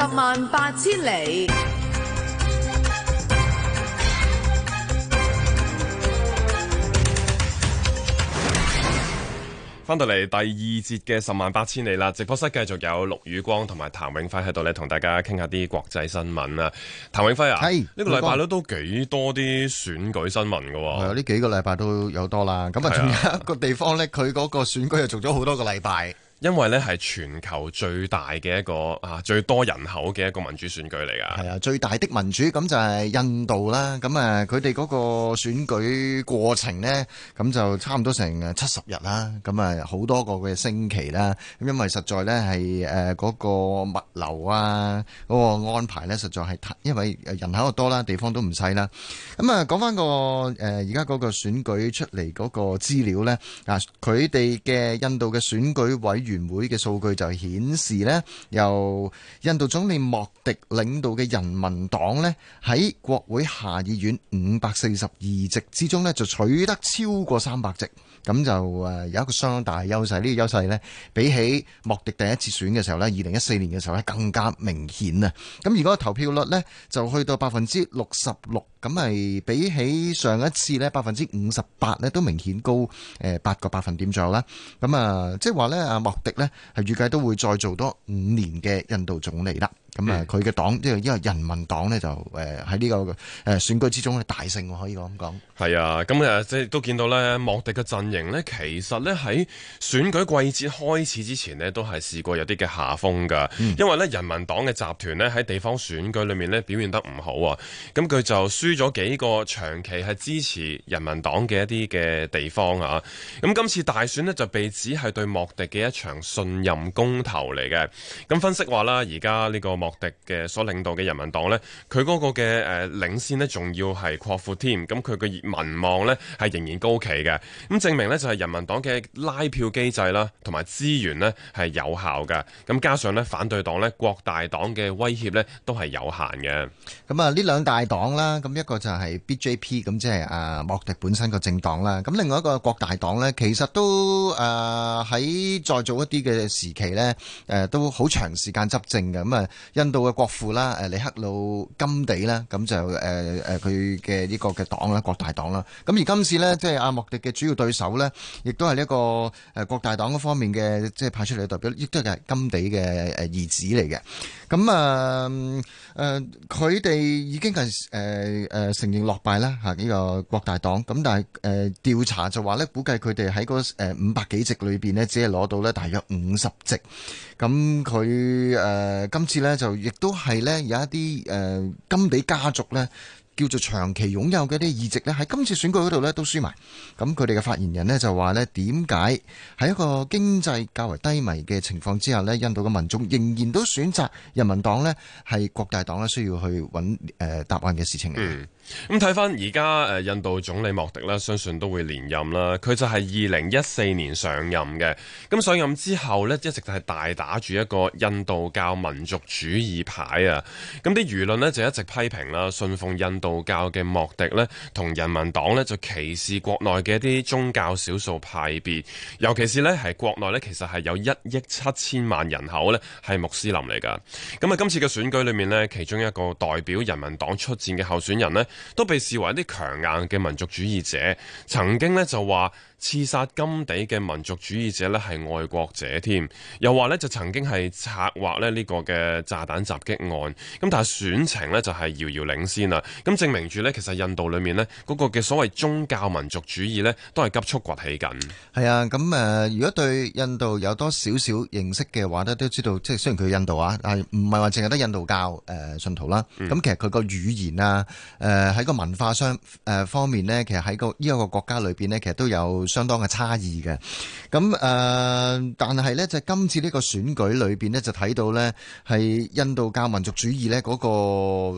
十萬八千里，翻到嚟第二節嘅十萬八千里啦！直播室繼續有陸宇光同埋譚永輝喺度咧，同大家傾下啲國際新聞啊，譚永輝啊，係呢、呢個禮拜都幾多啲選舉新聞噶、啊，喎。呢幾個禮拜都有多啦。咁啊，仲有一個地方咧，佢嗰個選舉又做咗好多個禮拜。因為咧係全球最大嘅一個啊，最多人口嘅一個民主選舉嚟噶。係啊，最大的民主咁就係印度啦。咁啊，佢哋嗰個選舉過程咧，咁就差唔多成七十日啦。咁啊，好多個嘅星期啦。咁因為實在咧係誒嗰個物流啊，嗰個安排咧實在係太，因為人口又多啦，地方都唔細啦。咁啊，講翻個誒而家嗰個選舉出嚟嗰個資料咧啊，佢哋嘅印度嘅選舉委。議員會嘅數據就顯示咧，由印度總理莫迪領導嘅人民黨咧，喺國會下議院五百四十二席之中咧，就取得超過三百席。咁就誒有一個相當大嘅優勢，呢個優勢呢，比起莫迪第一次選嘅時候呢，二零一四年嘅時候呢，更加明顯啊！咁如果投票率呢就去到百分之六十六，咁係比起上一次呢百分之五十八呢，都明顯高誒八個百分點左右啦。咁啊，即係話呢，阿莫迪呢係預計都會再做多五年嘅印度總理啦。咁、嗯、啊，佢嘅黨即係因為人民黨咧，就誒喺呢個誒選舉之中咧大勝，可以咁講。係啊，咁啊，即係都見到咧，莫迪嘅陣營咧，其實咧喺選舉季節開始之前咧，都係試過有啲嘅下風噶、嗯。因為咧，人民黨嘅集團咧喺地方選舉裏面咧表現得唔好啊。咁佢就輸咗幾個長期係支持人民黨嘅一啲嘅地方啊。咁今次大選咧就被指係對莫迪嘅一場信任公投嚟嘅。咁分析話啦，而家呢個莫莫迪嘅所領導嘅人民黨呢，佢嗰個嘅誒領先呢，仲要係擴闊添，咁佢嘅民望呢，係仍然高企嘅，咁證明呢，就係人民黨嘅拉票機制啦，同埋資源呢係有效嘅，咁加上呢，反對黨呢，國大黨嘅威脅呢都係有限嘅，咁啊呢兩大黨啦，咁一個就係 BJP，咁即係啊莫迪本身個政黨啦，咁另外一個是國大黨呢，其實都誒喺再早一啲嘅時期呢，誒都好長時間執政嘅，咁啊。印度嘅國父啦，誒，里克魯金地啦，咁就誒誒佢嘅呢個嘅黨啦，國大黨啦。咁而今次咧，即係阿莫迪嘅主要對手咧，亦都係呢一個誒國大黨方面嘅，即係派出嚟嘅代表，亦都係金地嘅誒兒子嚟嘅。咁啊誒佢哋已經係誒誒承認落敗啦吓，呢個國大黨，咁但係誒調查就話咧，估計佢哋喺個誒五百幾席裏邊咧，只係攞到咧大約五十席。咁佢誒今次咧，就亦都係咧有一啲誒、呃、甘地家族咧叫做長期擁有嘅啲議席咧，喺今次選舉嗰度咧都輸埋。咁佢哋嘅發言人咧就話咧，點解喺一個經濟較為低迷嘅情況之下咧，印度嘅民眾仍然都選擇人民黨咧，係國大黨咧需要去揾誒、呃、答案嘅事情嘅。嗯咁睇翻而家誒印度總理莫迪呢相信都會連任啦。佢就係二零一四年上任嘅，咁上任之後呢，一直就係大打住一個印度教民族主義牌啊。咁啲輿論呢，就一直批評啦，信奉印度教嘅莫迪呢，同人民黨呢，就歧視國內嘅一啲宗教少數派別，尤其是呢，係國內呢，其實係有一億七千萬人口呢，係穆斯林嚟㗎。咁啊，今次嘅選舉裏面呢，其中一個代表人民黨出戰嘅候選人呢，都被視為一啲強硬嘅民族主義者，曾經呢就話，刺殺金地嘅民族主義者呢，係愛國者添，又話呢，就曾經係策劃咧呢、這個嘅炸彈襲擊案。咁但係選情呢，就係、是、遙遙領先啦。咁證明住呢，其實印度裏面呢，嗰、那個嘅所謂宗教民族主義呢，都係急速崛起緊。係啊，咁誒、呃，如果對印度有多少少認識嘅話咧，都知道即係雖然佢印度啊，唔係話淨係得印度教誒、呃、信徒啦。咁、嗯、其實佢個語言啊，誒喺個文化上誒方面呢，其實喺個呢一個國家裏邊呢，其實都有。相當嘅差異嘅，咁誒、呃，但係呢，就是、今次呢個選舉裏邊呢，就睇到呢係印度教民族主義呢、那、嗰個、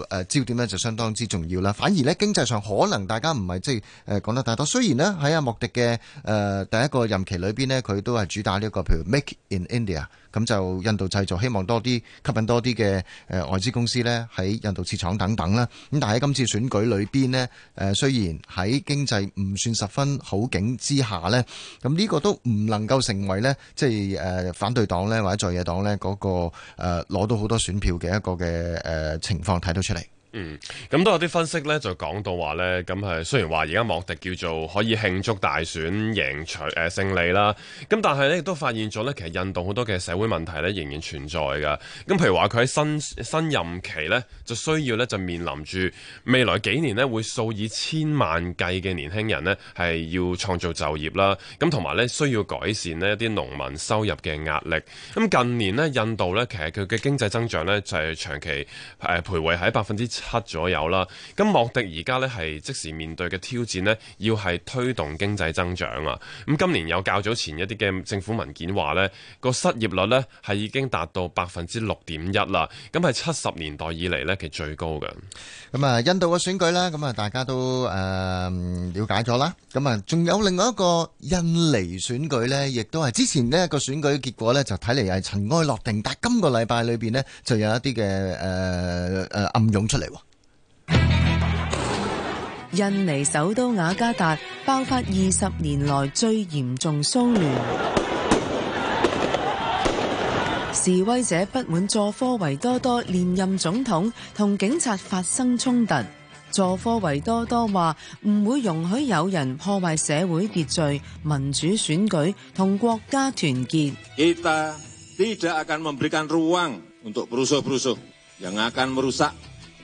呃、焦點呢，就相當之重要啦。反而呢經濟上可能大家唔係即係誒講得太多。雖然呢，喺阿、啊、莫迪嘅誒、呃、第一個任期裏邊呢，佢都係主打呢、這個譬如 Make in India。咁就印度製造，希望多啲吸引多啲嘅誒外資公司呢，喺印度設廠等等啦。咁但係今次選舉裏邊呢，誒雖然喺經濟唔算十分好景之下呢，咁呢個都唔能夠成為呢，即係誒反對黨呢，或者在野黨呢嗰個誒攞到好多選票嘅一個嘅誒情況睇到出嚟。嗯，咁都有啲分析咧，就講到話咧，咁係雖然話而家莫迪叫做可以慶祝大選贏取誒勝利啦，咁但係咧亦都發現咗咧，其實印度好多嘅社會問題咧仍然存在噶。咁譬如話佢喺新新任期咧，就需要咧就面臨住未來幾年咧會數以千萬計嘅年輕人咧係要創造就業啦，咁同埋咧需要改善咧一啲農民收入嘅壓力。咁近年咧印度咧其實佢嘅經濟增長咧就係、是、長期誒、呃、徘徊喺百分之七左右啦，咁莫迪而家咧係即時面對嘅挑戰咧，要係推動經濟增長啊。咁今年有較早前一啲嘅政府文件話咧，個失業率咧係已經達到百分之六點一啦。咁係七十年代以嚟，咧，其實最高嘅。咁啊，印度嘅選舉啦，咁啊大家都誒、呃、了解咗啦。咁啊，仲有另外一個印尼選舉咧，亦都係之前咧個選舉結果咧，就睇嚟係塵埃落定。但今個禮拜裏邊咧，就有一啲嘅誒誒暗湧出嚟。印尼首都雅加達爆發二十年來最嚴重騷亂，示威者不滿佐科維多多連任總統，同警察發生衝突。佐科維多多話唔會容許有人破壞社會秩序、民主選舉同國家團結。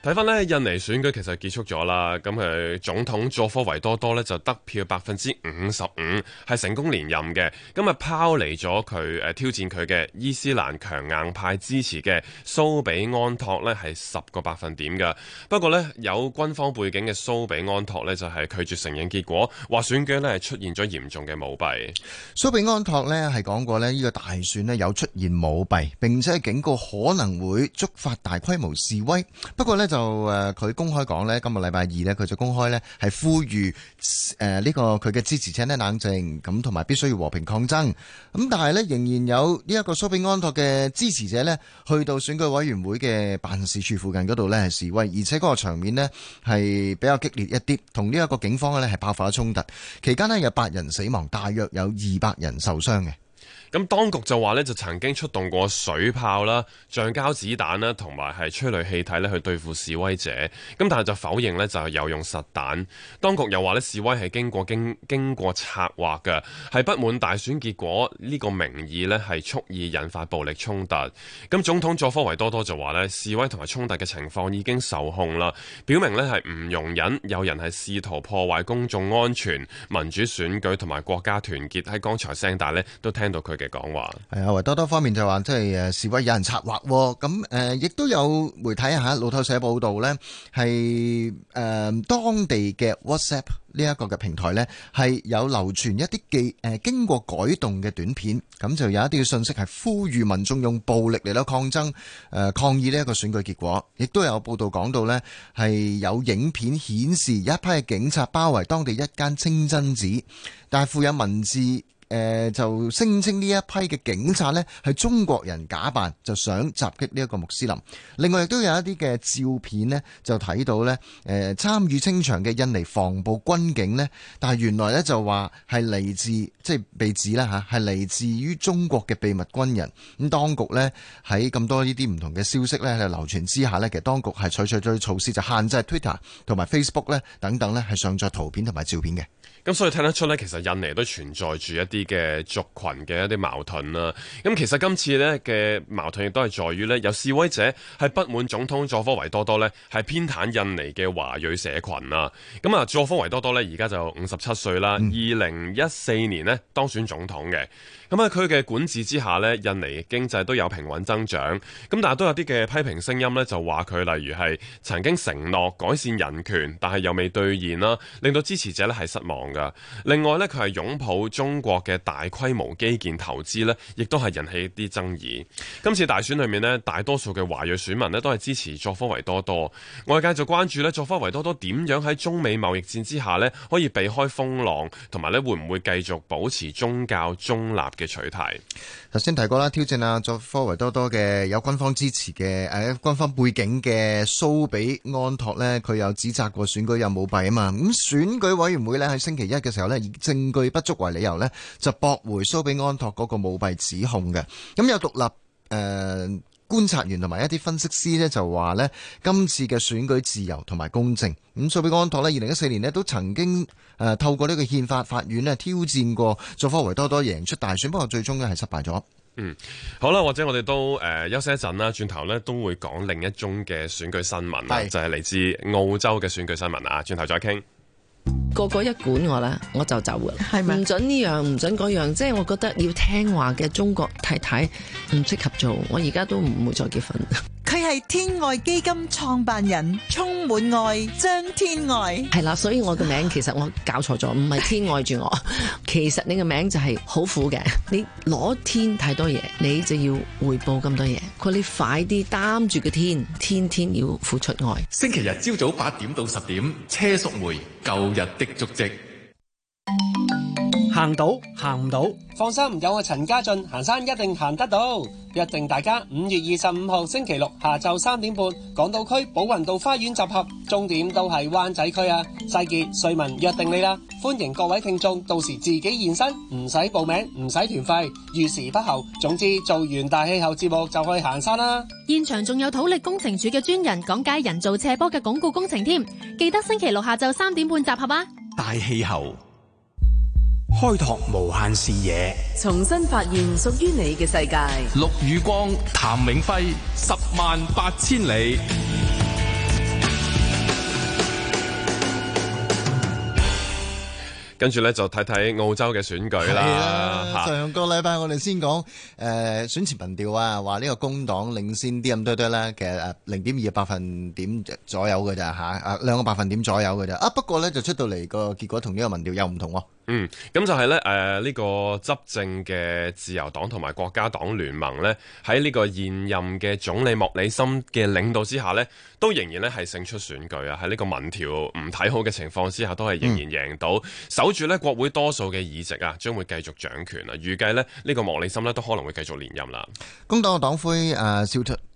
睇翻呢，印尼選舉其實結束咗啦。咁佢總統佐科維多多咧就得票百分之五十五，係成功連任嘅。今日拋離咗佢誒挑戰佢嘅伊斯蘭強硬派支持嘅蘇比安托呢係十個百分點嘅。不過呢有軍方背景嘅蘇比安托呢就係拒絕承認結果，話選舉呢係出現咗嚴重嘅舞弊。蘇比安托呢係講過呢呢個大選呢有出現舞弊，並且警告可能會觸發大規模示威。不過呢就就誒，佢公開講呢，今日禮拜二呢，佢就公開呢，係呼籲誒呢個佢嘅支持者呢冷靜咁，同埋必須要和平抗爭咁。但係呢，仍然有呢一個蘇比安托嘅支持者呢，去到選舉委員會嘅辦事處附近嗰度呢係示威，而且嗰個場面呢，係比較激烈一啲，同呢一個警方呢，係爆發咗衝突。期間呢，有八人死亡，大約有二百人受傷嘅。咁當局就話呢，就曾經出動過水炮啦、橡膠子彈啦，同埋係催淚氣體呢去對付示威者。咁但係就否認呢，就係有用實彈。當局又話呢，示威係經過經經過策劃㗎，係不滿大選結果呢個名義呢，係蓄意引發暴力衝突。咁總統佐科維多多就話呢，示威同埋衝突嘅情況已經受控啦，表明呢係唔容忍有人係試圖破壞公眾安全、民主選舉同埋國家團結。喺剛才聲帶呢，都聽到佢嘅講話係啊，維多多方面就話即係誒示威有人策劃，咁誒，亦都有媒體嚇路透社報道呢，係誒當地嘅 WhatsApp 呢一個嘅平台呢，係有流傳一啲記誒經過改動嘅短片，咁就有一啲嘅信息係呼籲民眾用暴力嚟到抗爭誒抗議呢一個選舉結果。亦都有報道講到呢，係有影片顯示一批警察包圍當地一間清真寺，但係附有文字。誒、呃、就聲稱呢一批嘅警察呢係中國人假扮，就想襲擊呢一個穆斯林。另外亦都有一啲嘅照片呢，就睇到呢、呃、參與清場嘅印尼防暴軍警呢。但係原來呢，就話係嚟自即係、就是、被指呢，係、啊、嚟自於中國嘅秘密軍人。咁當局呢，喺咁多呢啲唔同嘅消息呢，係流傳之下呢，其實當局係採取咗措施，就限制 Twitter 同埋 Facebook 呢等等呢，係上載圖片同埋照片嘅。咁所以聽得出呢，其實印尼都存在住一啲。啲嘅族群嘅一啲矛盾啦、啊，咁其實今次咧嘅矛盾亦都係在於咧，有示威者係不滿總統佐科維多多咧係偏袒印尼嘅華裔社群啊，咁啊佐科維多多咧而家就五十七歲啦，二零一四年咧當選總統嘅，咁喺佢嘅管治之下咧，印尼經濟都有平穩增長，咁但係都有啲嘅批評聲音咧就話佢例如係曾經承諾改善人權，但係又未兌現啦，令到支持者咧係失望噶，另外咧佢係擁抱中國。嘅大規模基建投資呢，亦都係引起一啲爭議。今次大選裏面呢，大多數嘅華裔選民呢，都係支持佐科維多多。外界就關注呢，佐科維多多點樣喺中美貿易戰之下呢，可以避開風浪，同埋呢會唔會繼續保持宗教中立嘅取態？頭先提過啦，挑戰啊，作科維多多嘅有軍方支持嘅，誒、啊、軍方背景嘅蘇比安托呢，佢有指責過選舉有舞弊啊嘛，咁選舉委員會呢喺星期一嘅時候呢，以證據不足為理由呢，就駁回蘇比安托嗰個舞弊指控嘅，咁有獨立誒、呃觀察員同埋一啲分析師呢，就話呢今次嘅選舉自由同埋公正。咁，蘇比安託呢，二零一四年呢，都曾經誒透過呢個憲法法院呢，挑戰過，佐科維多多贏出大選，不過最終呢，係失敗咗。嗯，好啦，或者我哋都誒、呃、休息一陣啦，轉頭呢，都會講另一宗嘅選舉新聞就係、是、嚟自澳洲嘅選舉新聞啊，轉頭再傾。個個一管我咧，我就走噶啦，係咪？唔准呢樣，唔准嗰樣，即係我覺得要聽話嘅中國太太唔適合做，我而家都唔會再結婚。佢係天愛基金創辦人，充滿愛，張天愛。係啦，所以我個名其實我搞錯咗，唔係天愛住我， 其實你個名就係好苦嘅，你攞天太多嘢，你就要回報咁多嘢。佢話你快啲擔住個天，天天要付出愛。星期日朝早八點到十點，車淑梅，舊日的足跡。行到行唔到，放心有我陳家俊行山一定行得到，約定大家五月二十五號星期六下晝三點半港島區寶雲道花園集合，終點都係灣仔區啊！世杰、瑞文約定你啦，歡迎各位聽眾到時自己現身，唔使報名，唔使團費，逾時不候。總之做完大氣候節目就去行山啦。現場仲有土力工程處嘅專人講解人造斜坡嘅鞏固工程添，記得星期六下晝三點半集合啊！大氣候。開拓無限視野，重新發現屬於你嘅世界。陸宇光、譚永輝，十萬八千里。跟住咧就睇睇澳洲嘅選舉啦。係啦。上個禮拜我哋先講誒、呃、選前民調啊，話呢個工黨領先啲咁多多啦。其實誒零點二百分點左右嘅咋吓，啊兩個百分點左右嘅咋。啊不過咧就出到嚟個結果同呢個民調又唔同。嗯，咁就係、是、咧，誒、呃、呢、這個執政嘅自由黨同埋國家黨聯盟呢，喺呢個現任嘅總理莫里森嘅領導之下呢，都仍然咧係勝出選舉啊！喺呢個民調唔睇好嘅情況之下，都係仍然贏到，嗯、守住呢國會多數嘅議席啊，將會繼續掌權啊！預計呢呢、這個莫里森呢都可能會繼續連任啦。工黨黨魁誒，肖、啊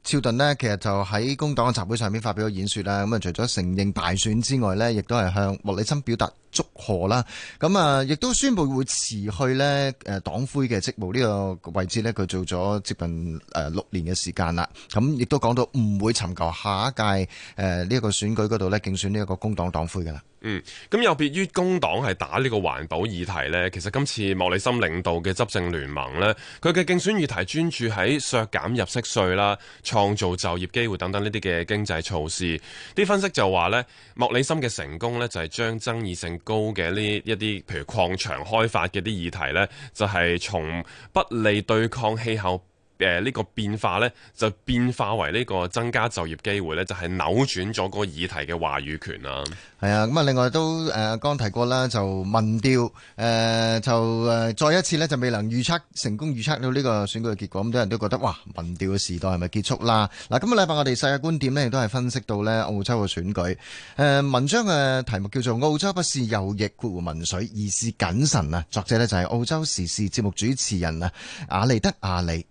肖頓呢，其實就喺工黨嘅集會上面發表咗演説啦。咁啊，除咗承認大選之外呢，亦都係向莫里森表達祝賀啦。咁啊，亦都宣佈會辭去呢誒黨魁嘅職務，呢個位置呢，佢做咗接近誒六年嘅時間啦。咁亦都講到唔會尋求下一屆誒呢一個選舉嗰度呢，競選呢一個工黨黨魁噶啦。嗯，咁有別於工黨係打呢個環保議題呢，其實今次莫里森領導嘅執政聯盟呢，佢嘅競選議題專注喺削減入息稅啦、創造就業機會等等呢啲嘅經濟措施。啲分析就話呢，莫里森嘅成功呢，就係、是、將爭議性高嘅呢一啲，譬如礦場開發嘅啲議題呢，就係、是、從不利對抗氣候。誒、呃、呢、這個變化呢，就變化為呢個增加就業機會呢，就係、是、扭轉咗個議題嘅話語權啦係啊，咁啊，另外都誒、呃、剛提過啦，就民調誒、呃、就誒、呃、再一次呢，就未能預測成功預測到呢個選舉嘅結果，咁多人都覺得哇，民調嘅時代係咪結束啦？嗱、啊，今個禮拜我哋世界觀點呢，亦都係分析到呢澳洲嘅選舉。誒、呃、文章嘅題目叫做《澳洲不是右翼括弧民粹，而是謹慎》啊，作者呢，就係澳洲時事節目主持人啊瓦利德亞利。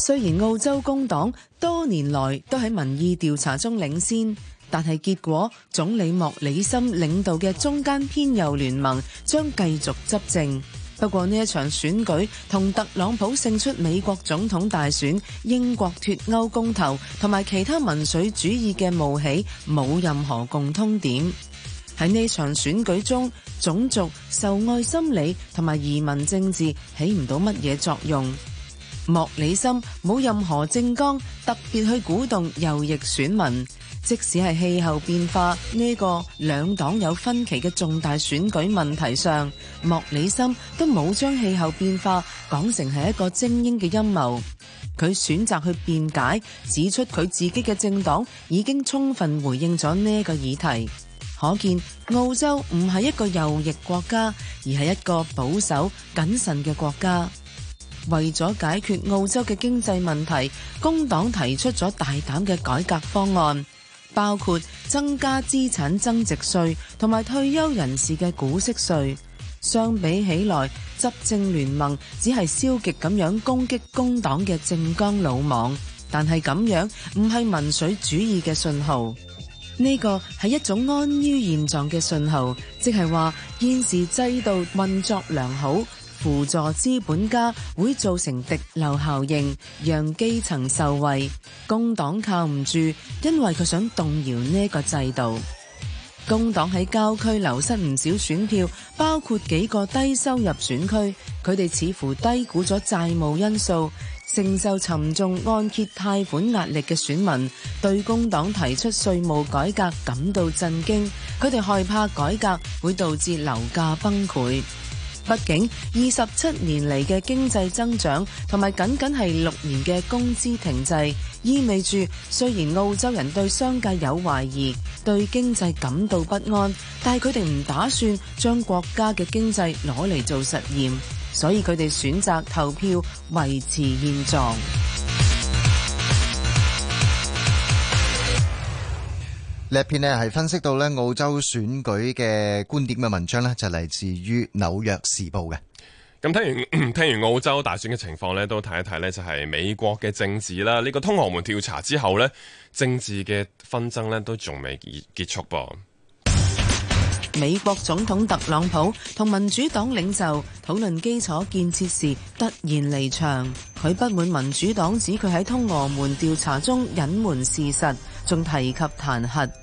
雖然澳洲工黨多年來都喺民意調查中領先，但係結果總理莫里森領導嘅中間偏右聯盟將繼續執政。不過呢一場選舉同特朗普勝出美國總統大選、英國脫歐公投同埋其他民粹主義嘅冒起，冇任何共通點。喺呢場選舉中，種族仇外心理同埋移民政治起唔到乜嘢作用。莫里森冇任何政綱特別去鼓動右翼選民，即使係氣候變化呢個兩黨有分歧嘅重大選舉問題上，莫里森都冇將氣候變化講成係一個精英嘅陰謀。佢選擇去辯解，指出佢自己嘅政黨已經充分回應咗呢個議題。可見澳洲唔係一個右翼國家，而係一個保守謹慎嘅國家。為咗解決澳洲嘅經濟問題，工黨提出咗大膽嘅改革方案，包括增加資產增值稅同埋退休人士嘅股息稅。相比起來，執政聯盟只係消極咁樣攻擊工黨嘅政綱魯莽，但係咁樣唔係民粹主義嘅信號，呢個係一種安於現狀嘅信號，即係話現時制度運作良好。輔助資本家會造成滴流效應，讓基層受惠。工黨靠唔住，因為佢想動搖呢個制度。工黨喺郊區流失唔少選票，包括幾個低收入選區。佢哋似乎低估咗債務因素，承受沉重按揭貸款壓力嘅選民對工黨提出稅務改革感到震驚。佢哋害怕改革會導致樓價崩潰。畢竟二十七年嚟嘅經濟增長，同埋僅僅係六年嘅工資停滯，意味住雖然澳洲人對商界有懷疑，對經濟感到不安，但係佢哋唔打算將國家嘅經濟攞嚟做實驗，所以佢哋選擇投票維持現狀。這篇咧，係分析到咧，澳洲選舉嘅觀點嘅文章咧，就嚟自於紐約時報嘅。咁聽完聽完澳洲大選嘅情況呢，都睇一睇呢就係美國嘅政治啦。呢個通俄門調查之後呢，政治嘅紛爭呢都仲未結束噃。美國總統特朗普同民主黨領袖討論基礎建設時突然離場，佢不滿民主黨指佢喺通俄門調查中隱瞞事實，仲提及彈劾。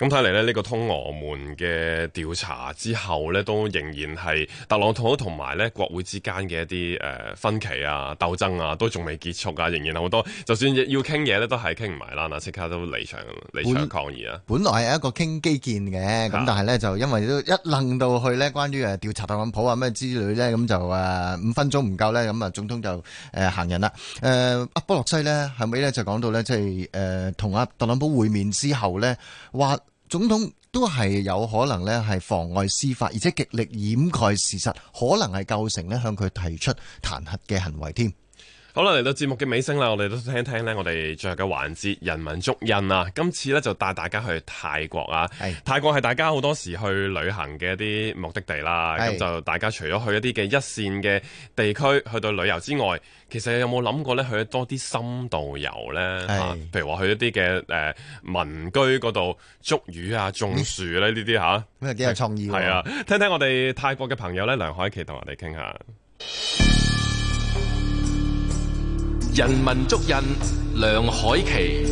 咁睇嚟呢、呢個通俄門嘅調查之後呢，都仍然係特朗普同埋呢國會之間嘅一啲分歧啊、鬥爭啊，都仲未結束啊，仍然好多。就算要傾嘢呢，都係傾唔埋啦，嗱，即刻都離場，離場抗議啊！本來係一個傾基建嘅，咁但係呢，就因為都一愣到去呢關於誒調查特朗普啊咩之類呢，咁就、呃、五分鐘唔夠呢。咁啊總統就、呃、行人啦。誒、呃、阿波洛西呢，係咪呢就講到呢，即係同阿特朗普會面之後呢。話。總統都係有可能咧，係妨礙司法，而且極力掩蓋事實，可能係構成咧向佢提出彈劾嘅行為添。好啦，嚟到節目嘅尾聲啦，我哋都聽聽咧，我哋最後嘅環節《人文足印》啊。今次咧就帶大家去泰國啊。係泰國係大家好多時去旅行嘅一啲目的地啦。咁就大家除咗去一啲嘅一線嘅地區去到旅遊之外，其實有冇諗過咧去多啲深度遊咧？係、啊，譬如話去一啲嘅誒民居嗰度捉魚啊、種樹咧呢啲吓。咁 啊，幾有創意喎！係啊，聽聽我哋泰國嘅朋友咧，梁凱琪同我哋傾下。人文足印，梁凱琪。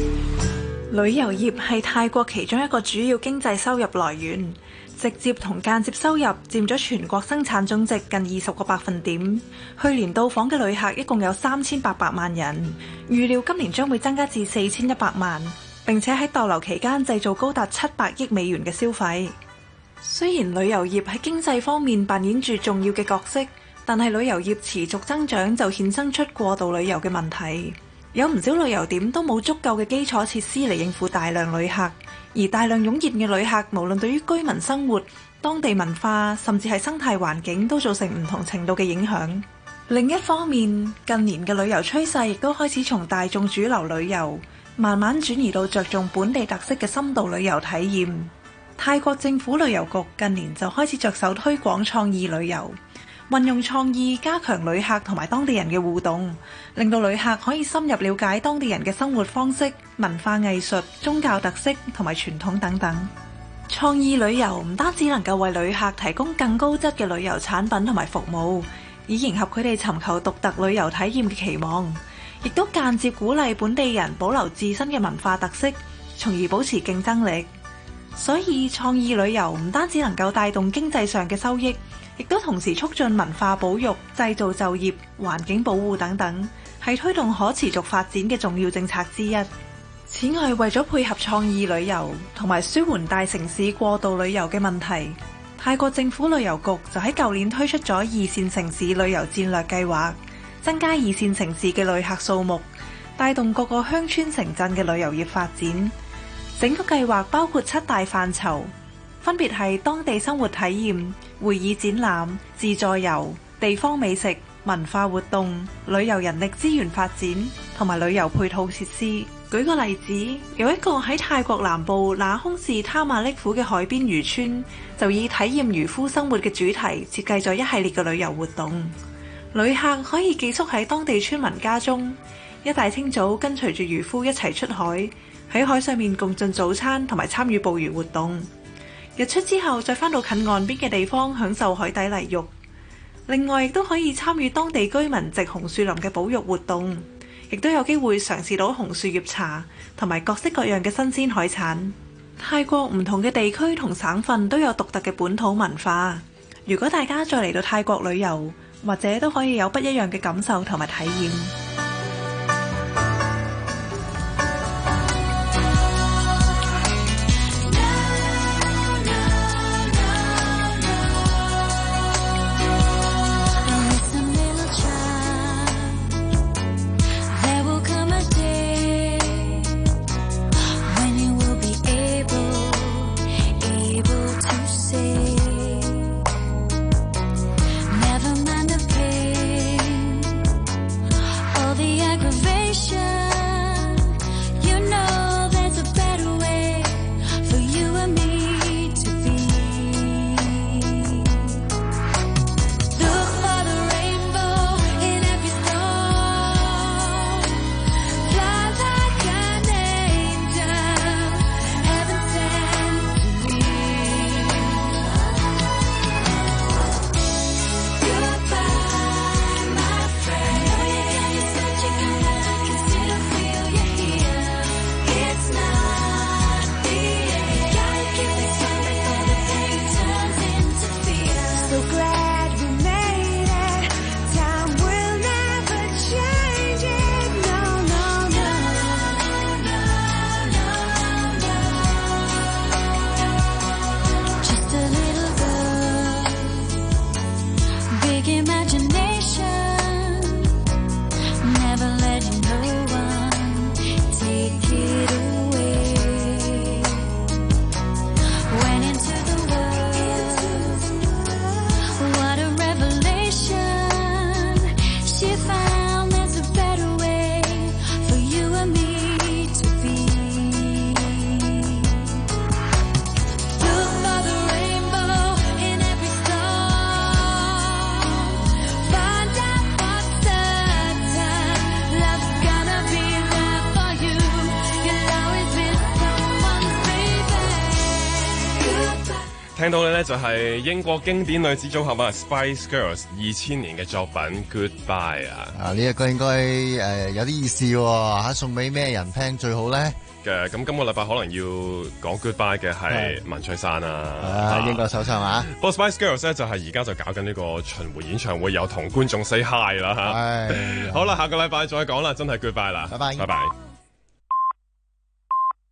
旅遊業係泰國其中一個主要經濟收入來源，直接同間接收入佔咗全國生產總值近二十個百分點。去年到訪嘅旅客一共有三千八百萬人，預料今年將會增加至四千一百萬，並且喺逗留期間製造高達七百億美元嘅消費。雖然旅遊業喺經濟方面扮演住重要嘅角色。但係旅遊業持續增長就衍生出過度旅遊嘅問題，有唔少旅遊點都冇足夠嘅基礎設施嚟應付大量旅客，而大量湧現嘅旅客，無論對於居民生活、當地文化甚至係生態環境都造成唔同程度嘅影響。另一方面，近年嘅旅遊趨勢亦都開始從大眾主流旅遊慢慢轉移到着重本地特色嘅深度旅遊體驗。泰國政府旅遊局近年就開始着手推廣創意旅遊。運用創意加強旅客同埋當地人嘅互動，令到旅客可以深入了解當地人嘅生活方式、文化藝術、宗教特色同埋傳統等等。創意旅遊唔單止能夠為旅客提供更高質嘅旅遊產品同埋服務，以迎合佢哋尋求獨特旅遊體驗嘅期望，亦都間接鼓勵本地人保留自身嘅文化特色，從而保持競爭力。所以，創意旅遊唔單止能夠帶動經濟上嘅收益。亦都同時促進文化保育、製造就業、環境保護等等，係推動可持續發展嘅重要政策之一。此外，為咗配合創意旅遊同埋舒緩大城市過度旅遊嘅問題，泰國政府旅遊局就喺舊年推出咗二線城市旅遊戰略計劃，增加二線城市嘅旅客數目，帶動各個鄉村城鎮嘅旅遊業發展。整個計劃包括七大範疇。分別係當地生活體驗、會議展覽、自助遊、地方美食、文化活動、旅遊人力資源發展同埋旅遊配套設施。舉個例子，有一個喺泰國南部那空市他馬叻府嘅海邊漁村，就以體驗漁夫生活嘅主題設計咗一系列嘅旅遊活動。旅客可以寄宿喺當地村民家中，一大清早跟隨住漁夫一齊出海，喺海上面共進早餐，同埋參與捕魚活動。日出之後，再返到近岸邊嘅地方享受海底泥浴。另外，亦都可以參與當地居民植紅樹林嘅保育活動，亦都有機會嘗試到紅樹葉茶同埋各式各樣嘅新鮮海產。泰國唔同嘅地區同省份都有獨特嘅本土文化。如果大家再嚟到泰國旅遊，或者都可以有不一樣嘅感受同埋體驗。就係、是、英國經典女子組合啊，Spice Girls 二千年嘅作品 Goodbye 啊，啊呢一個應該誒、呃、有啲意思吓、啊，送俾咩人聽最好咧？嘅咁，今個禮拜可能要講 Goodbye 嘅係文翠珊啊，啊,啊英國首相啊。f、啊、o Spice Girls 咧，就係而家就搞緊呢個巡回演唱會，有同觀眾 say hi 啦吓。係、啊哎、 好啦，下個禮拜再講啦，真係 Goodbye 啦，拜拜拜拜。Bye bye bye bye